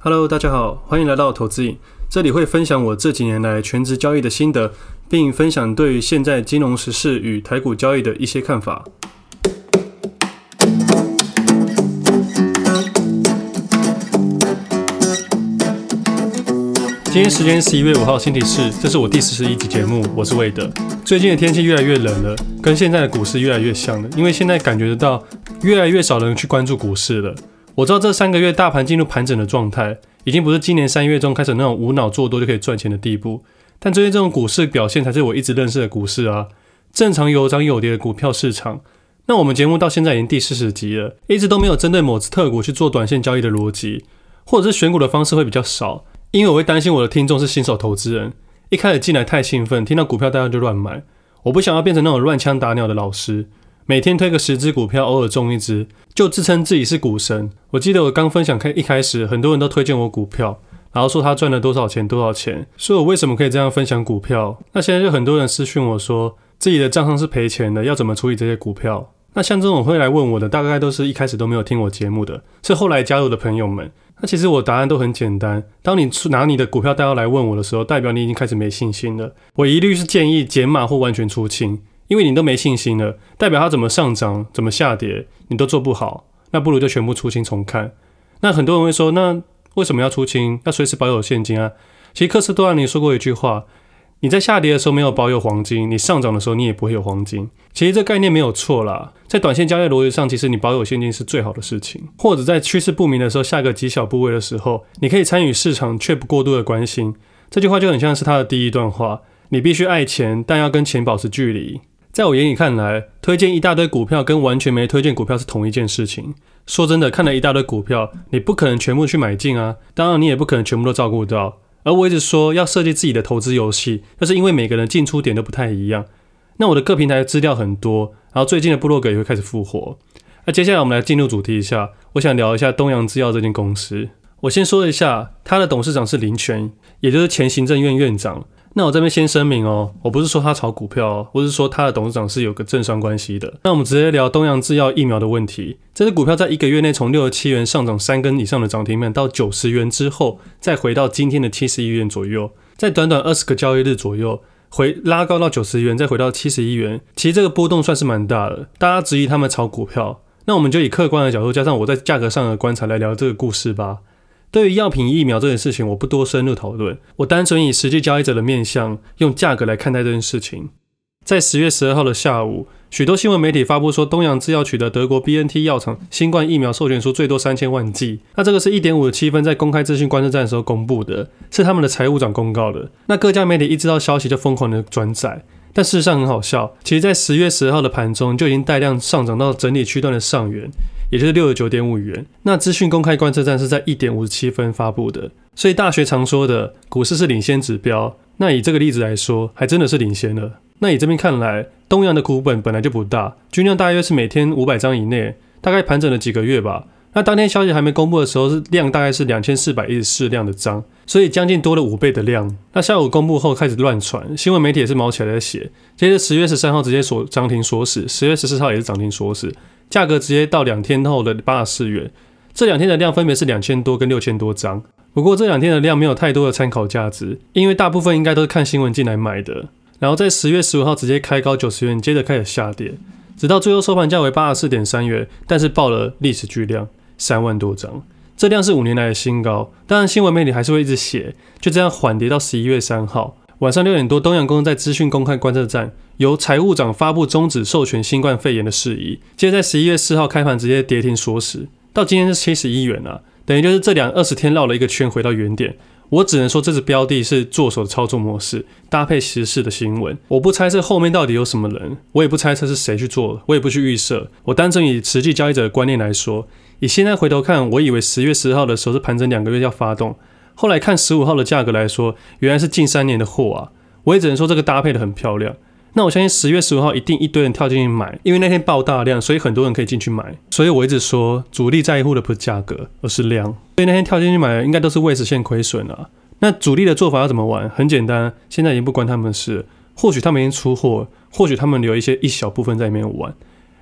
Hello，大家好，歡迎來到投資癮。這裡會分享我這幾年來全職交易的心得，並分享對現在金融時事與台股交易的一些看法。今天時間十一月五號，星期四，這是我第四十一集節目，我是魏德。最近的天氣越來越冷了，跟現在的股市越來越像了，因為現在感覺到，越來越少人去關注股市了。我知道這三個月大盤進入盤整的狀態，已經不是今年三月中開始那種無腦做多就可以賺錢的地步。但最近這種股市表現才是我一直認識的股市啊，正常有漲有跌的股票市場。那我們節目到現在已經第四十集了，一直都沒有針對某只特股去做短線交易的邏輯，或者是選股的方式會比較少，因為我會擔心我的聽眾是新手投資人，一開始進來太興奮，聽到股票大家就亂買，我不想要變成那種亂槍打鳥的老師。每天推個十隻股票，偶爾中一隻，就自稱自己是股神。我記得我剛分享開一開始，很多人都推薦我股票，然後說他賺了多少錢多少錢，說我為什麼可以這樣分享股票。那現在就很多人私訊我說自己的賬上是賠錢的，要怎麼處理這些股票？那像這種會來問我的，大概都是一開始都沒有聽我節目的，是後來加入的朋友們。那其實我答案都很簡單，當你拿你的股票代號來問我的時候，代表你已經開始沒信心了。我一律是建議減碼或完全出清。因為你都沒信心了，代表它怎麼上漲、怎麼下跌，你都做不好，那不如就全部出清重看。那很多人會說，那為什麼要出清？要隨時保有現金啊。其實科斯托蘭尼說過一句話：你在下跌的時候沒有保有黃金，你上漲的時候你也不會有黃金。其實這概念沒有錯啦，在短線交易邏輯上，其實你保有現金是最好的事情。或者在趨勢不明的時候，下個極小部位的時候，你可以參與市場，卻不過度的關心。這句話就很像是他的第一段話：你必須愛錢，但要跟錢保持距離。在我眼裡看來，推薦一大堆股票跟完全沒推薦股票是同一件事情。說真的，看了一大堆股票，你不可能全部去買進啊，當然你也不可能全部都照顧到。而我一直說要設計自己的投資遊戲，就是因為每個人進出點都不太一樣。那我的各平台資料很多，然後最近的部落格也會開始復活。那接下來我們來進入主題一下，我想聊一下東洋製藥這間公司。我先說一下，它的董事長是林全，也就是前行政院院長。那我在這邊先聲明哦、喔，我不是說他炒股票、喔，哦，不是說他的董事長是有個政商關係的。那我們直接聊東洋製藥疫苗的問題。這支股票在一個月內從六十七元上漲三根以上的漲停板到九十元之後，再回到今天的七十一元左右，在短短二十個交易日左右回拉高到九十元，再回到七十一元，其實這個波動算是蠻大的。大家質疑他們炒股票，那我們就以客觀的角度，加上我在價格上的觀察來聊這個故事吧。對於藥品疫苗這件事情，我不多深入討論，我單純以實際交易者的面向，用價格來看待這件事情。在十月十二號的下午，許多新聞媒體發布說，東洋製藥取得德國 BNT 藥廠新冠疫苗授權書，最多三千萬劑。那這個是一點五十七分，在公開資訊觀測站的時候公布的，是他們的財務長公告的。那各家媒體一知道消息就瘋狂的轉載，但事實上很好笑，其實在十月十二號的盤中就已經帶量上漲到整理區段的上緣也就是六十九點五元，那資訊公開觀測站是在一點五十七分發布的，所以大學常說的股市是領先指標，那以這個例子來說，還真的是領先了。那以這邊看來，東洋的股本本來就不大，均量大約是每天五百張以內，大概盤整了幾個月吧。那當天消息還沒公布的時候，是量大概是兩千四百一十四量的張，所以將近多了五倍的量。那下午公布後開始亂傳，新聞媒體也是卯起來在寫。接着十月十三號直接鎖漲停鎖死，十月十四號也是漲停鎖死，價格直接到兩天後的八十四元。這兩天的量分別是兩千多跟六千多張，不過這兩天的量沒有太多的參考價值，因為大部分應該都是看新聞進來買的。然後在十月十五號直接開高九十元，接着開始下跌，直到最後收盤價為八十四點三元，但是爆了歷史巨量。三萬多張，這量是五年來的新高。當然，新聞媒體還是會一直寫，就這樣緩跌到十一月三號晚上六點多，東洋公司在資訊公開觀測站由財務長發布終止授權新冠肺炎的事宜。接着在十一月四號開盤直接跌停鎖死，到今天是七十一元啊，等於就是這兩二十天繞了一個圈回到原點。我只能說這隻標的是作手的操作模式搭配時事的新聞，我不猜測後面到底有什麼人，我也不猜測是誰去做，我也不去預設，我單純以實際交易者的觀念來說。以現在回頭看，我以為十月十號的時候是盤整兩個月要發動，後來看十五號的價格來說，原來是近三年的貨啊！我也只能說這個搭配的很漂亮。那我相信十月十五號一定一堆人跳進去買，因為那天爆大量，所以很多人可以進去買。所以我一直說，主力在乎的不是價格，而是量。所以那天跳進去買的應該都是未實現虧損啊。那主力的做法要怎麼玩？很簡單，現在已經不關他們的事。或許他們已經出貨，或許他們留一些一小部分在裡面玩。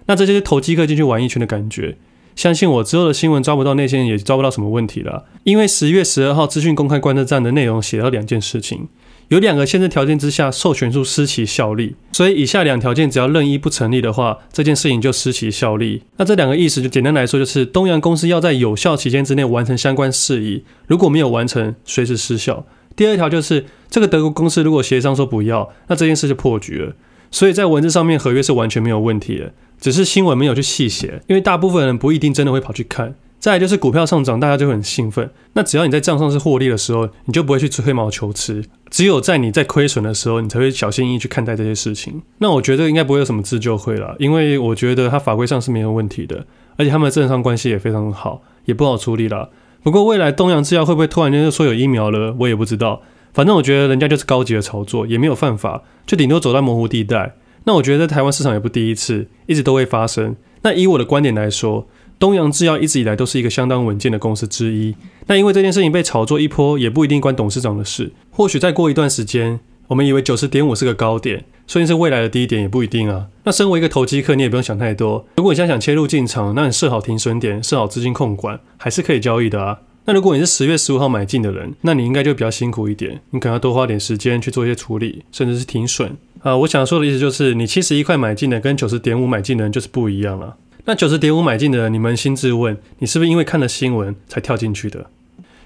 那這就是投機客進去玩一圈的感覺。相信我，之後的新聞抓不到那些人，也抓不到什麼問題了。因為十月十二號資訊公開觀測站的內容寫了兩件事情，有兩個限制條件之下，授權書失其效力。所以以下兩條件只要任意不成立的話，這件事情就失其效力。那這兩個意思就簡單來說，就是東洋公司要在有效期間之內完成相關事宜，如果沒有完成，隨時失效。第二條就是這個德國公司如果協商說不要，那這件事就破局了。所以在文字上面，合約是完全沒有問題的。只是新聞沒有去細寫，因為大部分人不一定真的會跑去看。再來就是股票上漲，大家就會很興奮。那只要你在賬上是獲利的時候，你就不會去吹毛求疵。只有在你在虧損的時候，你才會小心翼翼去看待這些事情。那我覺得應該不會有什麼自救會啦，因為我覺得它法規上是沒有問題的，而且他們的政商關係也非常好，也不好處理啦。不過未來東洋製藥會不會突然間就說有疫苗了，我也不知道。反正我覺得人家就是高級的操作，也沒有犯法，就頂多走到模糊地帶。那我覺得在台灣市場也不第一次，一直都會發生。那以我的觀點來說，東洋製藥一直以來都是一個相當穩健的公司之一。那因為這件事情被炒作一波，也不一定關董事長的事。或許再過一段時間，我們以為九十點五是個高點，所以是未來的低點也不一定啊。那身為一個投機客，你也不用想太多。如果你現在想切入進場，那你設好停損點，設好資金控管，還是可以交易的啊。那如果你是十月十五號買進的人，那你應該就比較辛苦一點，你可能要多花點時間去做一些處理，甚至是停損。啊，我想說的意思就是，你七十一塊買進的跟九十點五買進的，就是不一樣了。那九十點五買進的人，你捫心自問，你是不是因為看了新聞才跳進去的？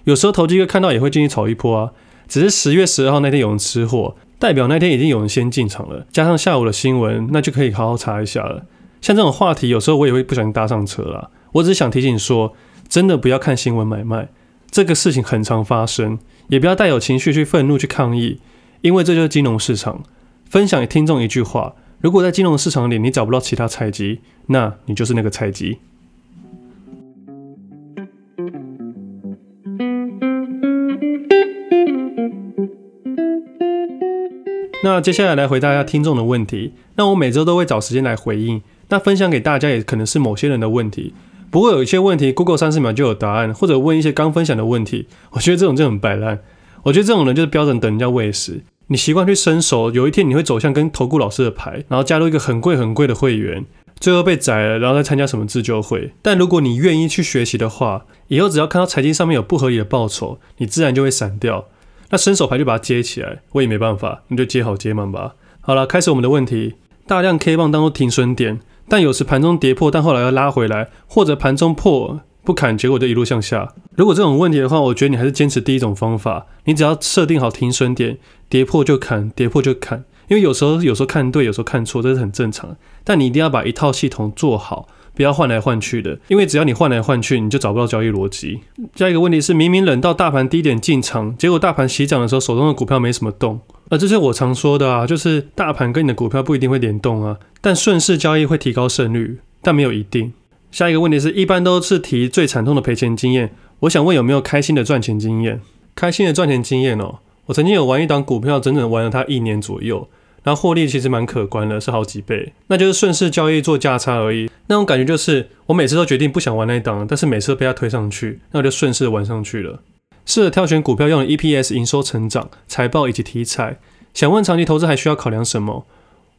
有時候投機會看到也會進去炒一波啊。只是十月十二號那天有人吃貨，代表那天已經有人先進場了，加上下午的新聞，那就可以好好查一下了。像這種話題，有時候我也會不小心搭上車了。我只是想提醒你說，真的不要看新聞買賣，這個事情很常發生，也不要帶有情緒去憤怒去抗議，因為這就是金融市場。分享給聽眾一句話：如果在金融市場裡你找不到其他菜雞，那你就是那個菜雞。 那接下來來回答一下聽眾的問題。那我每周都會找時間來回應。那分享給大家也可能是某些人的問題，不過有一些問題 Google 三十秒就有答案，或者問一些剛分享的問題，我覺得這種就很擺爛。我覺得這種人就是標準等人家餵食。你習慣去伸手，有一天你會走向跟投顧老師的牌，然後加入一個很貴很貴的會員，最後被宰了，然後再參加什麼自救會。但如果你願意去學習的話，以後只要看到財經上面有不合理的報酬，你自然就會散掉。那伸手牌就把它接起來，我也沒辦法，你就接好接滿吧。好了，開始我們的問題：大量 K 棒當做停損點，但有時盤中跌破，但後來又拉回來，或者盤中破。不砍，結果就一路向下。如果這種問題的話，我覺得你還是堅持第一種方法。你只要設定好停損點，跌破就砍，跌破就砍。因為有時候有時候看對，有時候看錯，這是很正常。但你一定要把一套系統做好，不要換來換去的。因為只要你換來換去，你就找不到交易邏輯。下一個問題是，明明冷到大盤低點進場，結果大盤洗漲的時候，手中的股票沒什麼動。而這是我常說的啊，就是大盤跟你的股票不一定會聯動啊，但順勢交易會提高勝率，但沒有一定。下一個問題是一般都是提最慘痛的賠錢經驗，我想問有沒有開心的賺錢經驗？開心的賺錢經驗哦，我曾經有玩一檔股票，整整玩了它一年左右，然後獲利其實蠻可觀的，是好幾倍。那就是順勢交易做價差而已，那種感覺就是我每次都決定不想玩那一檔，但是每次都被它推上去，那我就順勢玩上去了。試着挑選股票用的 EPS、營收成長、財報以及題材，想問長期投資還需要考量什麼？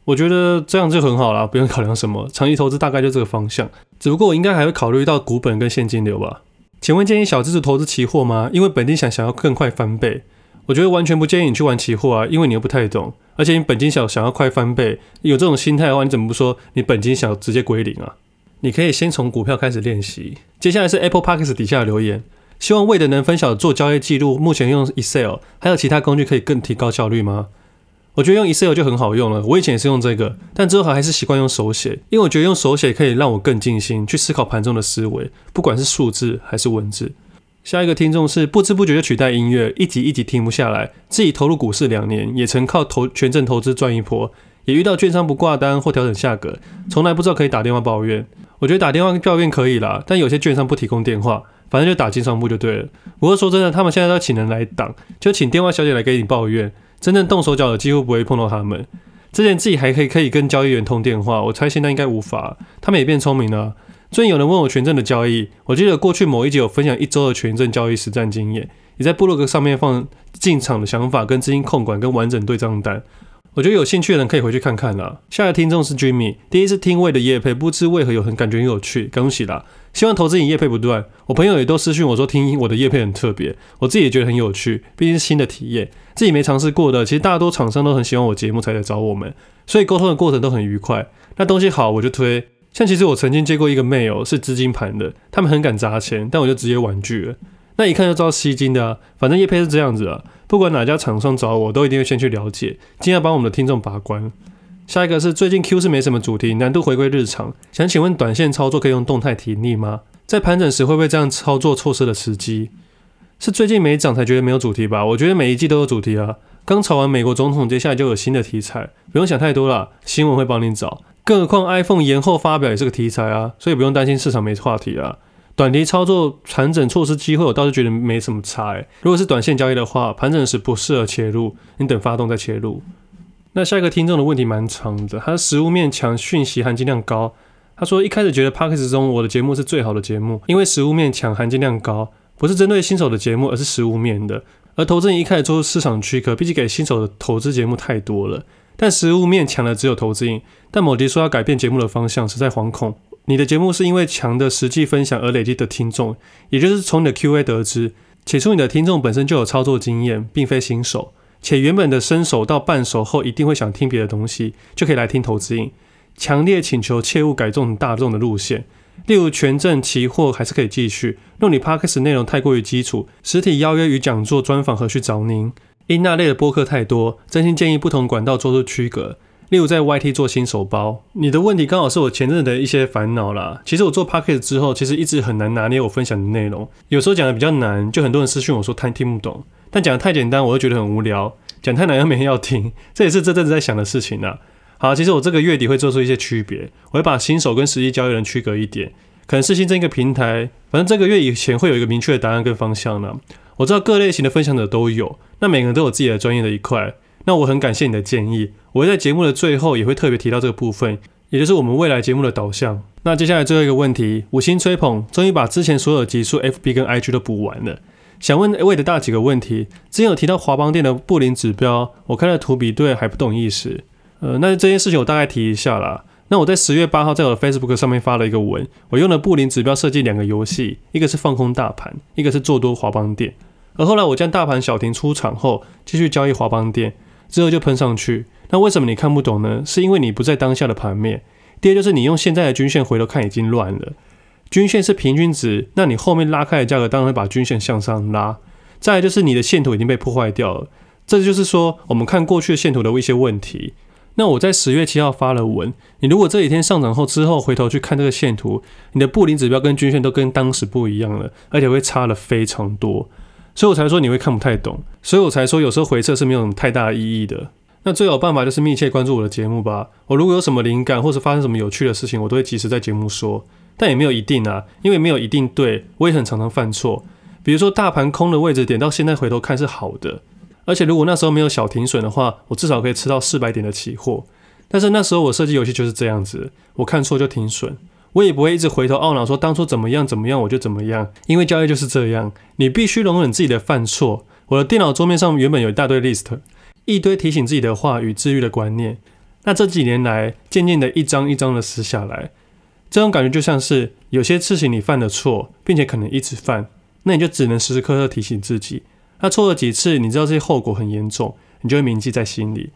我覺得這樣就很好啦，不用考量什麼長期投資，大概就這個方向。只不過我應該還會考慮到股本跟現金流吧。請問建議小資子投資期貨嗎？因為本金想想要更快翻倍。我覺得完全不建議你去玩期貨啊，因為你又不太懂，而且你本金小想要快翻倍，有這種心態的話，你怎麼不說你本金想直接歸零啊？你可以先從股票開始練習。接下來是 Apple Podcast 底下的留言，希望為的能分享做交易記錄，目前用 Excel，還有其他工具可以更提高效率嗎？我覺得用 Excel 就很好用了，我以前也是用這個，但之後還是習慣用手寫，因為我覺得用手寫可以讓我更靜心去思考盤中的思維，不管是數字還是文字。下一個聽眾是不知不覺就取代音樂，一集一集聽不下來，自己投入股市兩年，也曾靠投全正投資賺一波，也遇到券商不掛單或調整價格，從來不知道可以打電話抱怨。我覺得打電話抱怨可以啦，但有些券商不提供電話，反正就打金商部就對了。不過說真的，他們現在都請人來擋，就請電話小姐來給你抱怨。真正動手腳的幾乎不會碰到他們。之前自己還可以可以跟交易員通電話，我猜現在應該無法。他們也變聰明了。最近有人問我權證的交易，我記得過去某一集有分享一周的權證交易實戰經驗，也在部落格上面放進場的想法、跟資金控管、跟完整對賬單。我覺得有興趣的人可以回去看看啊。下一個聽眾是 Jimmy，第一次聽味的業配，不知為何有很感覺很有趣，恭喜啦！希望投資癮業配不斷。我朋友也都私訊我說聽我的業配很特別，我自己也覺得很有趣，畢竟是新的體驗，自己沒嘗試過的。其實大多廠商都很喜歡我節目才來找我們，所以溝通的過程都很愉快。那東西好我就推。像其實我曾經接過一個 mail 是資金盤的，他們很敢砸錢，但我就直接婉拒了。那一看就知道是吸金的啊，反正業配是這樣子啊。不管哪家廠商找我，我都一定會先去了解，盡量幫我們的聽眾把關。下一個是最近 Q 是沒什麼主題，難度回歸日常。想請問短線操作可以用動態停利嗎？在盤整時會不會這樣操作錯失了時機？是最近沒漲才覺得沒有主題吧？我覺得每一季都有主題啊。剛炒完美國總統，接下來就有新的題材，不用想太多啦，新聞會幫你找。更何況 iPhone 延後發表也是個題材啊，所以不用擔心市場沒話題啊。短期操作盤整錯失機會，我倒是覺得沒什麼差、欸、如果是短線交易的話，盤整時不適合切入，你等發動再切入。那下一個聽眾的問題蠻長的，他說實務面強，訊息含金量高。他說一開始覺得 Podcast 中我的節目是最好的節目，因為實務面強，含金量高，不是針對新手的節目，而是實務面的。而投資癮一開始做出市場區隔，畢竟給新手的投資節目太多了。但實務面強的只有投資癮，但某迪說要改變節目的方向，實在惶恐。你的節目是因為強的實際分享而累積的聽眾，也就是從你的 Q&A 得知，起初你的聽眾本身就有操作經驗，並非新手，且原本的新手到半熟後一定會想聽別的東西，就可以來聽投資癮。強烈請求切勿改這種大眾的路線，例如權證、期貨還是可以繼續。若你 Parks 內容太過於基礎，實體邀約與講座、專訪何去找您？因那類的播客太多，真心建議不同管道做出區隔。例如在 YT 做新手包，你的問題剛好是我前陣子的一些煩惱啦。其實我做 package 之後，其實一直很難拿捏我分享的內容。有時候講的比較難，就很多人私訊我說他聽不懂；但講的太簡單，我又覺得很無聊。講太難又沒人要聽，這也是這陣子在想的事情啦。好，其實我這個月底會做出一些區別，我會把新手跟實際交易人區隔一點。可能是新增一個平台，反正這個月以前會有一個明確的答案跟方向啦。我知道各類型的分享者都有，那每個人都有自己的專業的一塊。那我很感謝你的建議，我會在節目的最後也會特別提到這個部分，也就是我們未來節目的導向。那接下來最後一個問題，五星吹捧終於把之前所有集數 F B 跟 I G 都補完了，想問偉的大幾個問題。之前有提到華邦電的布林指標，我看了圖比對還不懂意思。呃，那這件事情我大概提一下啦。那我在十月八號在我的 Facebook 上面發了一個文，我用了布林指標設計兩個遊戲，一個是放空大盤，一個是做多華邦電。而後來我將大盤小停出場後，繼續交易華邦電。之後就噴上去，那為什麼你看不懂呢？是因為你不在當下的盤面。第二，就是你用現在的均線回頭看已經亂了，均線是平均值，那你後面拉開的價格當然會把均線向上拉。再來就是你的線圖已經被破壞掉了，這就是說我們看過去的線圖的一些問題。那我在十月七號發了文，你如果這幾天上漲後之後回頭去看這個線圖，你的布林指標跟均線都跟當時不一樣了，而且會差了非常多。所以我才說你會看不太懂，所以我才說有時候回測是沒有什麼太大的意義的。那最好辦法就是密切關注我的節目吧。我如果有什麼靈感或者發生什麼有趣的事情，我都會及時在節目說。但也沒有一定啊，因為沒有一定對，我也很常常犯錯。比如說大盤空的位置點到現在回頭看是好的，而且如果那時候沒有小停損的話，我至少可以吃到四百點的期貨。但是那時候我設計遊戲就是這樣子，我看錯就停損。我也不會一直回頭懊惱，說當初怎麼樣怎麼樣，我就怎麼樣，因為交易就是這樣，你必須容忍自己的犯錯。我的電腦桌面上原本有一大堆 list，一堆提醒自己的話與治癒的觀念，那這幾年來，漸漸的一張一張的撕下來，這種感覺就像是有些事情你犯了錯，並且可能一直犯，那你就只能時時刻刻提醒自己。那錯了幾次，你知道這些後果很嚴重，你就會銘記在心裡。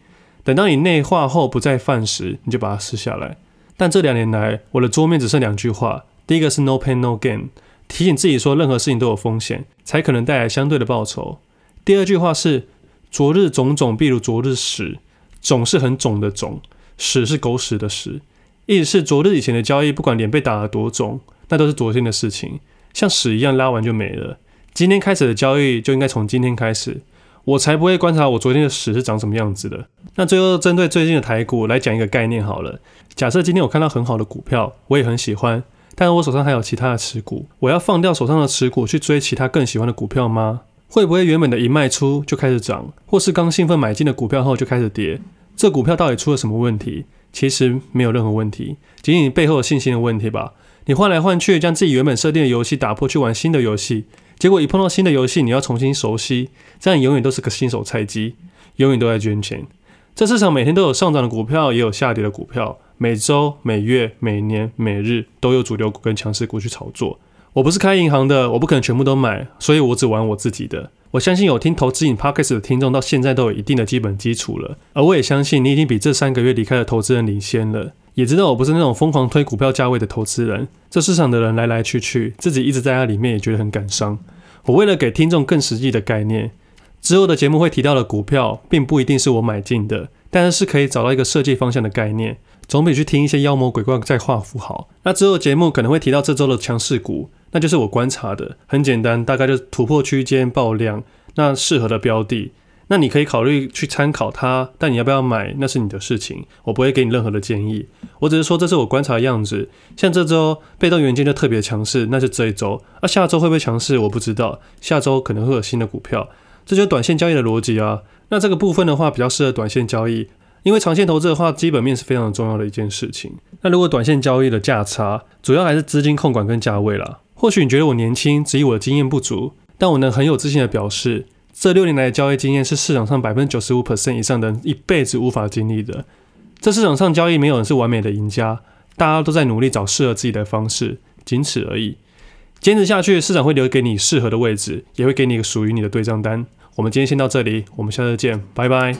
等到你內化後不再犯時，你就把它撕下來。但這兩年來，我的桌面只剩兩句話。第一個是 “no pain no gain”，提醒自己說，任何事情都有風險，才可能帶來相對的報酬。第二句話是“昨日腫腫，譬如昨日屎”。腫是很腫的腫，屎是狗屎的屎，意思是昨日以前的交易，不管臉被打了多腫，那都是昨天的事情，像屎一樣拉完就沒了。今天開始的交易，就應該從今天開始。我才不會觀察我昨天的屎是長什麼樣子的。那最後針對最近的台股來講一個概念好了。假設今天我看到很好的股票，我也很喜歡，但是我手上還有其他的持股，我要放掉手上的持股去追其他更喜歡的股票嗎？會不會原本的一賣出就開始漲，或是剛興奮買進的股票後就開始跌？這股票到底出了什麼問題？其實沒有任何問題，僅僅背後有信心的問題吧。你換來換去，將自己原本設定的遊戲打破，去玩新的遊戲。結果一碰到新的遊戲，你要重新熟悉，這樣永遠都是個新手菜雞，永遠都在捐錢。這市場每天都有上漲的股票，也有下跌的股票，每週、每月、每年、每日都有主流股跟強勢股去炒作。我不是開銀行的，我不可能全部都買，所以我只玩我自己的。我相信有聽投資癮 Podcast 的聽眾到現在都有一定的基本基礎了，而我也相信你已經比這三個月離開的投資人領先了。也知道我不是那種瘋狂推股票價位的投資人，這市場的人來來去去，自己一直在它裡面也覺得很感傷。我為了給聽眾更實際的概念，之後的節目會提到的股票，並不一定是我買進的，但是是可以找到一個設計方向的概念，總比去聽一些妖魔鬼怪在畫符好。那之後的節目可能會提到這週的強勢股。那就是我觀察的很簡單，大概就是突破區間爆量，那適合的標的，那你可以考慮去參考它，但你要不要買那是你的事情，我不會給你任何的建議，我只是說這是我觀察的樣子。像這周被動元件就特別強勢，那是這一周，那、啊、下周會不會強勢我不知道，下周可能會有新的股票，這就是短線交易的邏輯啊。那這個部分的話比較適合短線交易，因為長線投資的話基本面是非常重要的一件事情。那如果短線交易的價差，主要還是資金控管跟價位啦。或許你覺得我年輕，質疑我的經驗不足，但我能很有自信地表示，這六年來的交易經驗是市場上百分之九十五以上的人一輩子無法經歷的。這市場上交易沒有人是完美的贏家，大家都在努力找適合自己的方式，僅此而已。堅持下去，市場會留給你適合的位置，也會給你一個屬於你的對賬單。我們今天先到這裡，我們下次見，拜拜。